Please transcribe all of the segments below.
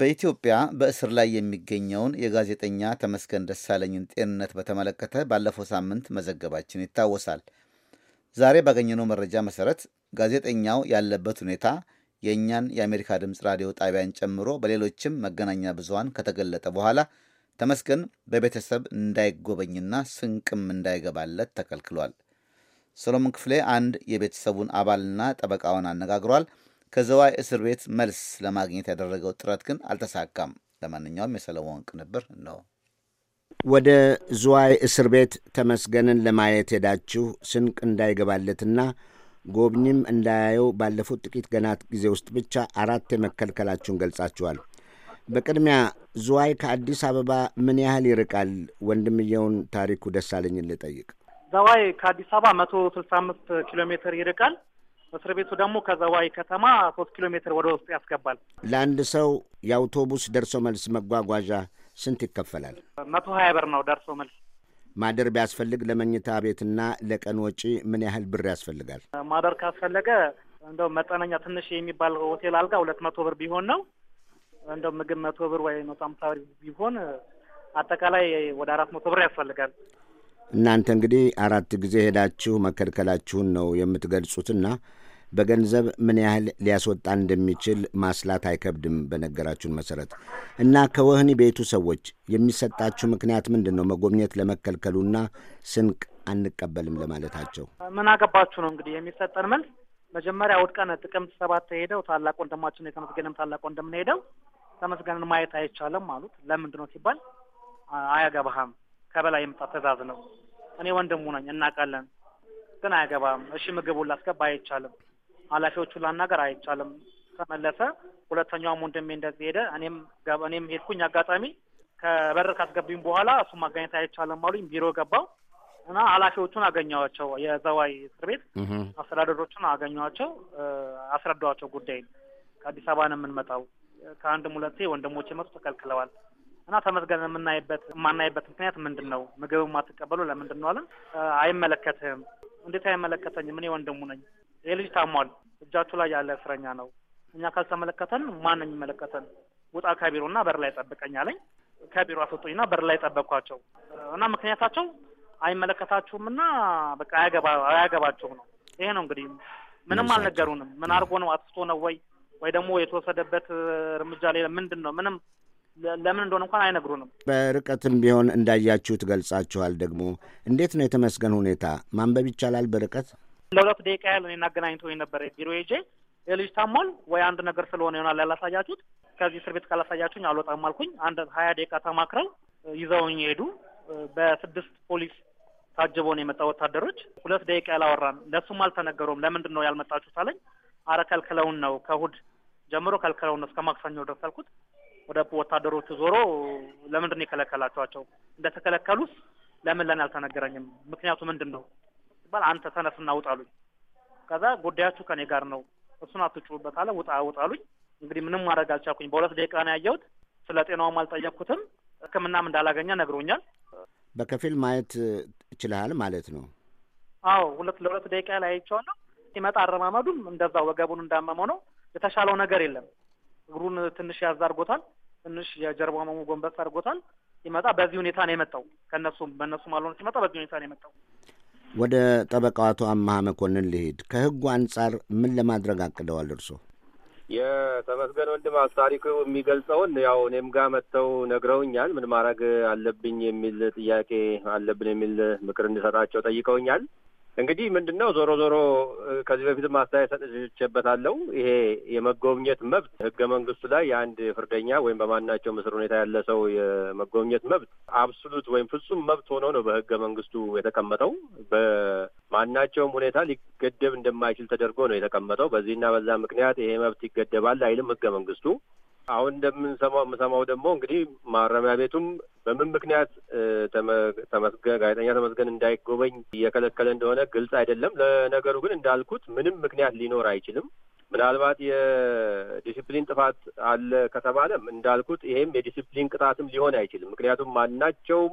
በኢትዮጵያ በእስር ላይ የሚገኘውን የጋዜጠኛ ተመስገን ደሳለኝን ጤንነት በተመለከተ ባለፈው ሳምንት መዘገባችን ይታወሳል። ዛሬ ባገኘነው መረጃ መሰረት ጋዜጠኛው ያለበት ሁኔታ የእኛን የአሜሪካ ድምፅ ራዲዮ ጣቢያን ጨምሮ በሌሎችም መገናኛ ብዙሃን ከተገለጠ በኋላ ተመስገን በቤተሰብ እንዳይጎበኝና ስንቅም እንዳይገባለት ተከልክሏል። ሰሎሞን ክፍሌ አንድ የቤተሰቡን አባልና ጠበቃውን አነጋግሯል። ከዘዋይ እስር ቤት መልስ ለማግኘት ያደረገው ጥረት ግን አልተሳካም። ለማንኛውም የሰለሞን ቅንብር ነው። ወደ ዝዋይ እስር ቤት ተመስገንን ለማየት ሄዳችሁ ስንቅ እንዳይገባለትና ጎብኝም እንዳያየው ባለፉት ጥቂት ገናት ጊዜ ውስጥ ብቻ አራት የመከልከላችሁን ገልጻችኋል። በቅድሚያ ዝዋይ ከአዲስ አበባ ምን ያህል ይርቃል? ወንድምየውን ታሪኩ ደሳለኝን ልጠይቅ። ዘዋይ ከአዲስ አበባ መቶ ስልሳ አምስት ኪሎ ሜትር ይርቃል። እስር ቤቱ ደግሞ ከዘዋይ ከተማ ሶስት ኪሎ ሜትር ወደ ውስጥ ያስገባል። ለአንድ ሰው የአውቶቡስ ደርሶ መልስ መጓጓዣ ስንት ይከፈላል? መቶ ሀያ ብር ነው ደርሶ መልስ። ማደር ቢያስፈልግ ለመኝታ ቤትና ለቀን ወጪ ምን ያህል ብር ያስፈልጋል? ማደር ካስፈለገ እንደው መጠነኛ ትንሽ የሚባል ሆቴል አልጋ ሁለት መቶ ብር ቢሆን ነው። እንደው ምግብ መቶ ብር ወይ መቶ አምሳ ብር ቢሆን አጠቃላይ ወደ አራት መቶ ብር ያስፈልጋል። እናንተ እንግዲህ አራት ጊዜ ሄዳችሁ መከልከላችሁን ነው የምትገልጹትና በገንዘብ ምን ያህል ሊያስወጣ እንደሚችል ማስላት አይከብድም። በነገራችሁን መሰረት እና ከወህኒ ቤቱ ሰዎች የሚሰጣችሁ ምክንያት ምንድን ነው? መጎብኘት ለመከልከሉና ስንቅ አንቀበልም ለማለታቸው ምን አገባችሁ ነው እንግዲህ የሚሰጠን መልስ። መጀመሪያ እሑድ ቀን ጥቅምት ሰባት ሄደው ታላቅ ወንድማችን የተመስገንም ታላቅ ወንድምን ሄደው ተመስገንን ማየት አይቻልም አሉት። ለምንድን ነው ሲባል አያገባህም ከበላይ የመጣ ትእዛዝ ነው። እኔ ወንድሙ ነኝ እናውቃለን፣ ግን አያገባህም። እሺ ምግቡን ላስገባ አይቻልም። ኃላፊዎቹን ላናገር አይቻልም። ተመለሰ። ሁለተኛውም ወንድሜ እንደዚህ ሄደ። እኔም እኔም ሄድኩኝ። አጋጣሚ ከበር ካስገቢም በኋላ እሱ ማገኘት አይቻልም አሉኝ። ቢሮ ገባው እና ኃላፊዎቹን አገኘዋቸው። የዘዋይ እስር ቤት አስተዳደሮቹን አገኘዋቸው፣ አስረዳዋቸው ጉዳይ ከአዲስ አበባ ነው የምንመጣው። ከአንድም ሁለቴ ወንድሞች የመጡ ተከልክለዋል። እና ተመዝገን የምናይበት የማናይበት ምክንያት ምንድን ነው? ምግብ የማትቀበሉ ለምንድን ነው አለን። አይመለከትህም። እንዴት አይመለከተኝም? እኔ ወንድሙ ነኝ። የልጅ ታሟል፣ እጃችሁ ላይ ያለ እስረኛ ነው፣ እኛ ካልተመለከተን ማን ነው የሚመለከተን? ውጣ ከቢሮና በር ላይ ጠብቀኝ አለኝ። ከቢሮ አስወጡኝና በር ላይ ጠበቅኳቸው እና ምክንያታቸው አይመለከታችሁም እና በቃ አያገባችሁም ነው። ይሄ ነው እንግዲህ። ምንም አልነገሩንም። ምን አድርጎ ነው አጥፍቶ ነው ወይ ወይ ደግሞ የተወሰደበት እርምጃ ላይ ምንድን ነው? ምንም ለምን እንደሆነ እንኳን አይነግሩንም። በርቀትም ቢሆን እንዳያችሁ ትገልጻችኋል። ደግሞ እንዴት ነው የተመስገን ሁኔታ ማንበብ ይቻላል በርቀት ለሁለት ደቂቃ ያህል እኔን አገናኝቶኝ ነበረ ቢሮ ሄጄ የልጅ ታሟል ወይ አንድ ነገር ስለሆነ ይሆናል ያላሳያችሁት ከዚህ እስር ቤት ካላሳያችሁኝ አልወጣም አልኩኝ። አንድ ሀያ ደቂቃ ተማክረው ይዘውኝ ሄዱ። በስድስት ፖሊስ ታጅቦን የመጣ ወታደሮች ሁለት ደቂቃ ያላወራን ለሱም አልተነገረውም። ለምንድን ነው ያልመጣችሁት አለኝ። አረ ከልክለውን ነው ከእሑድ ጀምሮ ከልክለውን ነው እስከ ማክሰኞ ድረስ አልኩት። ወደ ወታደሮቹ ዞሮ ለምንድን ነው የከለከላችኋቸው? እንደተከለከሉስ ለምን ለን አልተነገረኝም? ምክንያቱ ምንድን ነው? ሲባል አንተ ተነስና ውጣሉኝ። ከዛ ጉዳያችሁ ከኔ ጋር ነው፣ እሱን አትጩሁበት አለ። ውጣ ውጣሉኝ። እንግዲህ ምንም ማድረግ አልቻልኩኝ። በሁለት ደቂቃ ነው ያየሁት። ስለ ጤናውም አልጠየቅኩትም። ሕክምናም እንዳላገኘ ነግሮኛል። በከፊል ማየት ይችላል ማለት ነው? አዎ ሁለት ለሁለት ደቂቃ ላይ አይቼዋለሁ። ሲመጣ አረማመዱም እንደዛ ወገቡን እንዳመመው ነው። የተሻለው ነገር የለም። እግሩን ትንሽ ያዝ አድርጎታል። ትንሽ የጀርባ መሙ ጎንበስ አድርጎታል። ሲመጣ በዚህ ሁኔታ ነው የመጣው። ከእነሱም በእነሱም አልሆነ ሲመጣ በዚህ ሁኔታ ነው የመጣው። ወደ ጠበቃው አቶ አመሀ መኮንን ልሄድ። ከህጉ አንጻር ምን ለማድረግ አቅደዋል እርሶ የተመስገን ወንድም አስታሪኩ የሚገልጸውን ያው እኔም ጋር መጥተው ነግረውኛል። ምን ማድረግ አለብኝ የሚል ጥያቄ አለብን የሚል ምክር እንዲሰጣቸው ጠይቀውኛል። እንግዲህ ምንድን ነው ዞሮ ዞሮ ከዚህ በፊት ማስተያየት ሰጥቼበታለሁ። ይሄ የመጎብኘት መብት ህገ መንግስቱ ላይ የአንድ ፍርደኛ ወይም በማናቸው ምስር ሁኔታ ያለ ሰው የመጎብኘት መብት አብሶሉት ወይም ፍጹም መብት ሆኖ ነው በህገ መንግስቱ የተቀመጠው። በማናቸውም ሁኔታ ሊገደብ እንደማይችል ተደርጎ ነው የተቀመጠው። በዚህና በዛ ምክንያት ይሄ መብት ይገደባል አይልም ህገ መንግስቱ። አሁን እንደምንሰማው የምሰማው ደግሞ እንግዲህ ማረሚያ ቤቱም በምን ምክንያት ተመስገን ጋዜጠኛ ተመስገን እንዳይጎበኝ እየከለከለ እንደሆነ ግልጽ አይደለም። ለነገሩ ግን እንዳልኩት ምንም ምክንያት ሊኖር አይችልም። ምናልባት የዲሲፕሊን ጥፋት አለ ከተባለም እንዳልኩት ይሄም የዲሲፕሊን ቅጣትም ሊሆን አይችልም። ምክንያቱም ማናቸውም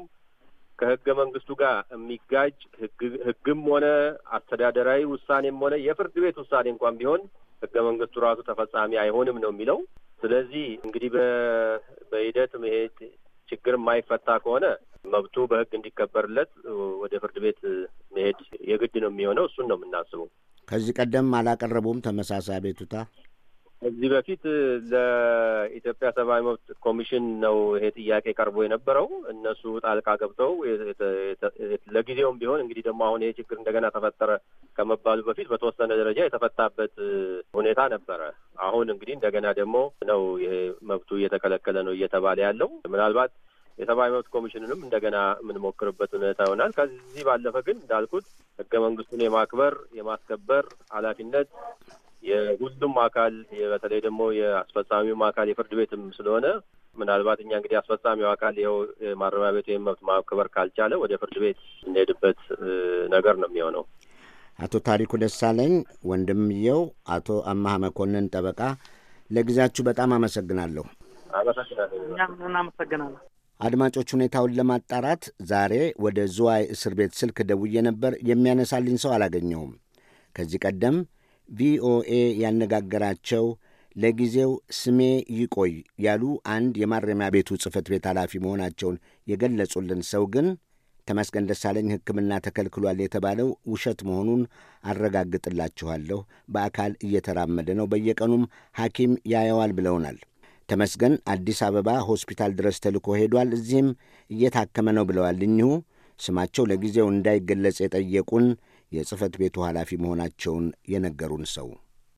ከህገ መንግስቱ ጋር የሚጋጭ ህግም ሆነ አስተዳደራዊ ውሳኔም ሆነ የፍርድ ቤት ውሳኔ እንኳን ቢሆን ህገ መንግስቱ ራሱ ተፈጻሚ አይሆንም ነው የሚለው። ስለዚህ እንግዲህ በሂደት መሄድ ችግር የማይፈታ ከሆነ መብቱ በህግ እንዲከበርለት ወደ ፍርድ ቤት መሄድ የግድ ነው የሚሆነው። እሱን ነው የምናስበው። ከዚህ ቀደም አላቀረቡም ተመሳሳይ አቤቱታ? ከዚህ በፊት ለኢትዮጵያ ሰብአዊ መብት ኮሚሽን ነው ይሄ ጥያቄ ቀርቦ የነበረው። እነሱ ጣልቃ ገብተው ለጊዜውም ቢሆን እንግዲህ ደግሞ አሁን ይሄ ችግር እንደገና ተፈጠረ ከመባሉ በፊት በተወሰነ ደረጃ የተፈታበት ሁኔታ ነበረ። አሁን እንግዲህ እንደገና ደግሞ ነው መብቱ እየተከለከለ ነው እየተባለ ያለው ምናልባት የሰብአዊ መብት ኮሚሽንንም እንደገና የምንሞክርበት ሁኔታ ይሆናል። ከዚህ ባለፈ ግን እንዳልኩት ህገ መንግስቱን የማክበር የማስከበር ኃላፊነት የሁሉም አካል በተለይ ደግሞ የአስፈጻሚውም አካል የፍርድ ቤትም ስለሆነ ምናልባት እኛ እንግዲህ አስፈጻሚው አካል ይኸው ማረሚያ ቤት ወይም መብት ማክበር ካልቻለ ወደ ፍርድ ቤት እንሄድበት ነገር ነው የሚሆነው። አቶ ታሪኩ ደሳለኝ ወንድምየው አቶ አማሀ መኮንን ጠበቃ፣ ለጊዜያችሁ በጣም አመሰግናለሁ። አመሰግናለሁ። አድማጮች፣ ሁኔታውን ለማጣራት ዛሬ ወደ ዝዋይ እስር ቤት ስልክ ደውዬ ነበር። የሚያነሳልኝ ሰው አላገኘሁም። ከዚህ ቀደም ቪኦኤ ያነጋገራቸው ለጊዜው ስሜ ይቆይ ያሉ አንድ የማረሚያ ቤቱ ጽህፈት ቤት ኃላፊ መሆናቸውን የገለጹልን ሰው ግን ተመስገን ደሳለኝ ሕክምና ተከልክሏል የተባለው ውሸት መሆኑን አረጋግጥላችኋለሁ። በአካል እየተራመደ ነው፣ በየቀኑም ሐኪም ያየዋል ብለውናል። ተመስገን አዲስ አበባ ሆስፒታል ድረስ ተልኮ ሄዷል፣ እዚህም እየታከመ ነው ብለዋል እኚሁ ስማቸው ለጊዜው እንዳይገለጽ የጠየቁን የጽህፈት ቤቱ ኃላፊ መሆናቸውን የነገሩን ሰው